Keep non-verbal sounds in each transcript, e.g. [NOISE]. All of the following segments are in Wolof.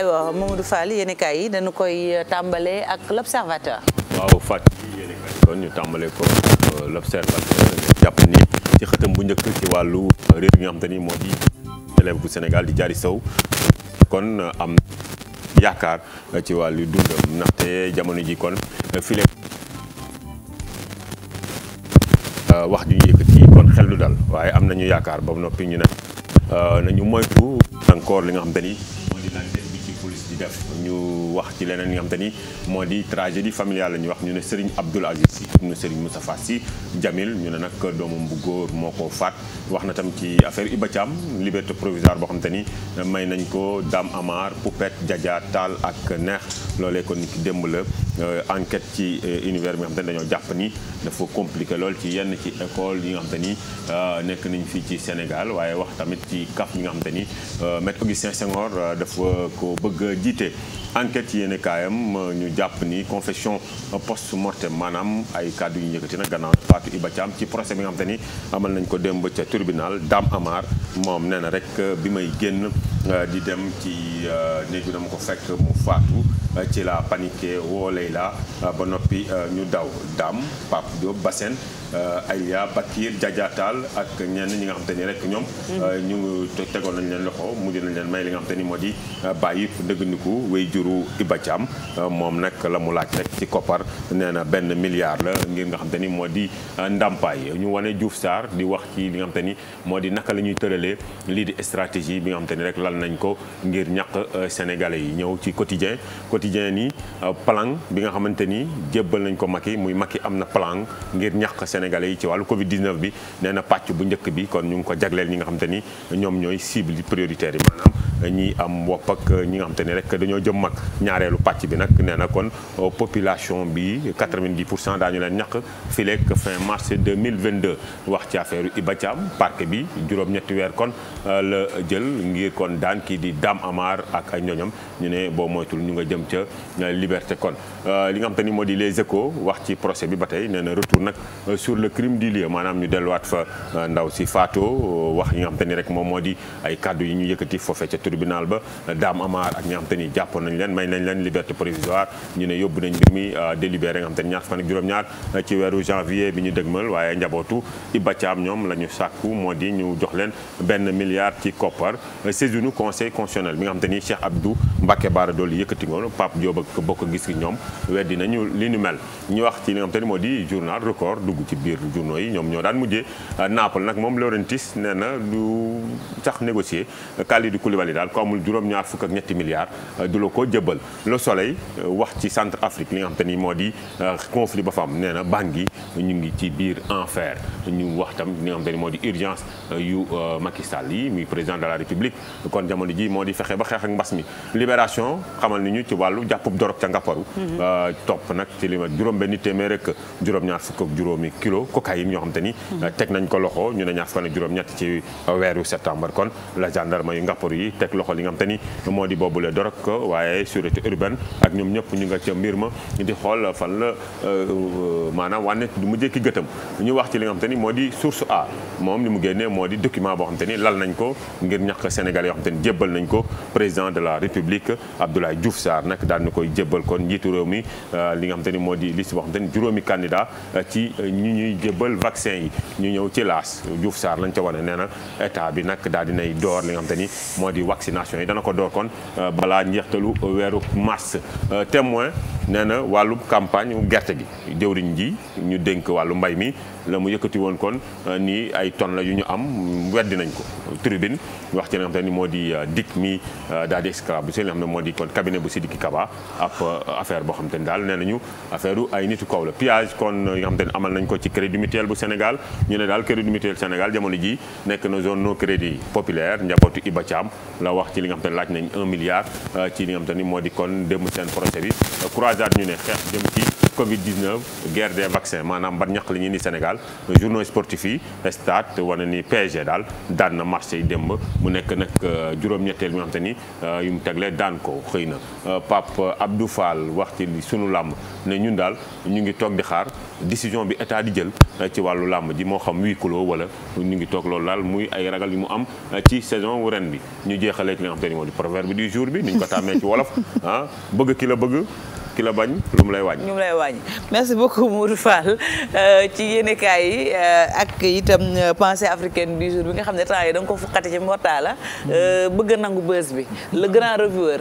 aywa Mamadou Fall yéenekaay yi dañu koy euh, tàmbalee ak l'observateur waaw Fatou yéenekaay kon ñu tàmbale ko euh, l'observateur jàpp ni ci xëtam bu njëkk ci wàllu réew mi nga xam moo di élève bu Sénégal di jaari sow kon euh, am yaakaar ci wàllu dundam ndaxte jamono ji kon file wax ju ñu yëkkati kon xel du dal waaye am nañu yaakaar ba noppi ñu ne nañu moytu encore li nga xam def ñu wax ci leneen nga xam te ni moo di tragédie familiale la ñuy wax ñu ne Serigne Abdoul Aziz Sy ñu ne Serigne Moustapha Sy Jamil ñu ne nag doomam bu góor moo ko faat wax na tam ci affaire Iba liberté provisoire boo xam ni may nañ ko Dame Amar Poupette Diadia Tall ak Neex loolee kon ki démb la euh, enquête ci euh, univers bi nga xam te ni dañoo jàpp ni dafa compliqué lool ci yenn ci école yi nga xam te ni euh, nekk nañ fii ci Sénégal waaye wax tamit ci CAF yi nga xam jiite enquête yéen kaayam ñu jàpp ni confession post mortem maanaam ay kàddu yu njëkkati nag gannaaw Fatou Iba Thiam ci procès bi nga xam te ni amal nañ ko démb ca tribunal Dame Amar moom nee na rek bi may génn euh, di dem ci euh, néeg bi dama ko fekk mu faatu euh, ci la panique woo lay la ba noppi ñu daw Dame Pape Diop Bassène Euh, Aya Bakir Jajataal ak ñenn ñi nga xam te ni rek ñoom mm-hmm. euh, ñu tegoon nañ leen loxo mujj nañ leen may li nga xam te moo di euh, bàyyi dëgg niku wéy juru Iba Thiam moom nag la mu laaj rek ci koppar nee na benn milliard la ngir nga xam te moo di ndàmpaay ñu wane Diouf saar di wax ci li nga xam te ni moo di naka la ñuy tëralee lii di stratégie bi nga xam te rek lal nañ ko ngir ñàq sénégalais yi ñëw ci quotidien quotidien ni plan bi nga xamante ni jébbal nañ ko Macky muy Macky am na plan ngir ñàq sénégalais yi ci wàllu Covid bi nee na pàcc bu njëkk bi kon ñu ngi ko jagleel ñi nga xam ni ñoom ñooy cible prioritaire yi ñi am wopp ak ñi nga xam te ne rek dañoo jëm mag ñaareelu pàcc bi nag nee na kon euh, population bi 90 pour cent daañu leen ñàkk fileeg fin mars 2022 wax ci affaire Iba Thiam parquet bi juróom-ñetti weer kon euh, la jël ngir kon daan kii di Dame Amar ak ay ñoñam ñu ne boo moytul ñu nga jëm ca euh, liberté kon li nga xam te ni moo di les échos wax ci procès bi ba tey nee na retour nag sur le crime du lieu maanaam ñu delluwaat fa ndaw si faato wax yi nga xam te ni rek moom moo di ay kàddu yi tribunal ba Dame Amar ak ñi nga xam te ni jàppoon leen may nañ leen liberté provisoire ñu ne yóbbu nañ mbir euh, délibéré nga xam ñaar fan ak juróom-ñaar euh, ci weeru janvier bi ñu dëgmal waaye njabootu Iba Thiam ñoom la ñu sàkku moo di ñu jox leen benn milliard ci koppar euh, saisinu conseil constitutionnel bi nga xam te ni Cheikh Abdou Mbacké Bara Dolly yëkkati ngoon Pape Diop ak bokk gis gi ñoom weddi nañu li ñu mel ñu wax ci li nga xam moo di journal record dugg ci biir journaux yi ñoom ñoo daan mujjee Naples nag moom Laurentis na du sax négocier Kalidou Sénégal juróom-ñaar fukk ak ñetti milliards euh, du la ko jëbal le soleil euh, wax ci centre Afrique li nga xam te ni moo di euh, conflit ba fa am nee na Bangui ñu ngi ci biir enfer ñu wax tam li nga xam ni moo di urgence yu Macky Sall yi muy président de la République kon jamono ji moo di fexe ba xeex ak mbas mi libération xamal ni ñu ci wàllu jàppub dorog ca ngapparu mm-hmm. topp nag ci li ma juróom benn téeméer rek juróom-ñaar fukk ak juróomi kilo cocaïne yoo xam te ni mm-hmm. teg nañ ko loxo ñu ne ñaar fukk juróom-ñett ci weeru septembre kon la teg loxo li nga xam moo di boobule dorog waaye sûreté urbaine ak ñoom ñëpp ñu nga ca mbir ma di xool fan la euh, maanaam wane du mu jëkki gëtam ñu wax ci li nga xam te ni moo di source A moom li mu génnee moo di document boo xam te ni lal nañ ko ngir ñax Sénégal yoo xam te ni nañ ko président de la République Abdoulaye Diouf Sarr nag daal na koy jébbal kon njiitu réew mi euh, li nga xam te ni moo di liste boo xam te ni juróomi candidat euh, ci ñi ñuy jëbal vaccin yi ñu ñëw ci laas Diouf Sarr lañ ca wane nee na état bi nag daal dinay door li vaccination yi dana ko door kon euh, balaa njeextalu weeru mars euh, témoin nee na wàllu campagne gerte gi jëwriñ ji ñu dénk wàllu mbay mi la mu yëkkati woon kon euh, nii ay ton la yu ñu am weddi nañ ko tribune wax ci li nga xam ne moo di euh, dikk mi euh, daal di esclave bu si li nga moo di kon cabinet bu Sidiki Kaba ab boo xam te ne daal nee nañu affaire u nitu kaw la piage kon yi xam te ne amal nañ ko ci crédit mutuel bu Sénégal ñu ne daal crédit mutuel Sénégal jamono ji nekk na zone non crédit populaire njabootu Iba Thiam la wax ci li nga xam te ne laaj nañ 1 milliard ci li nga xam te ne moo di kon démb seen procès bi dégagaat ñu ne xeex jëm ci Covid 19 guerre des vaccins maanaam ban ñax la ñuy ni Sénégal journaux sportifs yi stade wane ni daal daan na Marseille démb mu nekk nag euh, juróom-ñetteel bi nga xam te euh, mu teglee daan ko xëy na euh, Pape Abdou Fall wax ci sunu làmb ne ñun daal ñu ngi toog di xaar décision bi état di jël ci wàllu làmb ji moo xam huis clos wala ñu ngi toog loolu daal muy ay ragal yu mu am ci saison wu ren bi ñu jeexalee ci li nga xam te di jour bi niñ ko tàmmee ci wolof [LAUGHS] ah, bëgg ki la bëgg ki la bañ lu mu lay wàññi. ñu mu lay wàññi merci beaucoup Mourou euh, yi euh, ak itam euh, pensée africaine du jour bi nga xam ne temps yi da nga ko fukkati ci Mortala ah. mm-hmm. bëgg nangu bës bi le grand reviewer.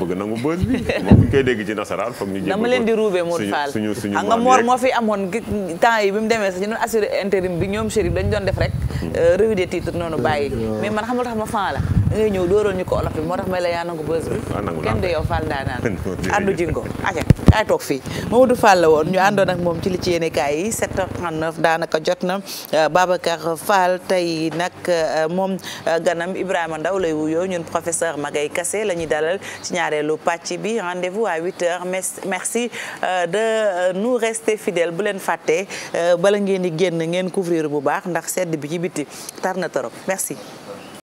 bëgg nangu bës bi [LAUGHS] moom ñu koy dégg ci nasaraan foog dama leen di ruubee Mourou Fall suñu xam nga Mor moo fi amoon temps yi bi mu demee sax ñu doon assuré intérim bi ñoom Chérif dañu doon def rek. Mm-hmm. revue des titres noonu bàyyi mm-hmm. mais man xam tax ma fan la. da ñëw dóoral ñu ko olof bi moo tax may la yaa nangu bës bi kenn du yow Fall daanaan àndu [LAUGHS] jingo aca kaay toog fii Mamadou Fall la woon ñu àndoon ak moom ci li ci yéene kaay yi 7h39 daanaka jot na euh, Babacar Fall tey nag euh, moom euh, ganam Ibrahima Ndaw lay wuyoo ñun professeur Magaye Kassé la ñuy dalal ci ñaareelu pàcc bi rendez-vous à 8h merci de nous rester fidèles bu leen fàttee bala ngeen di génn ngeen couvrir bu baax ndax sedd bi ci biti tar na torop merci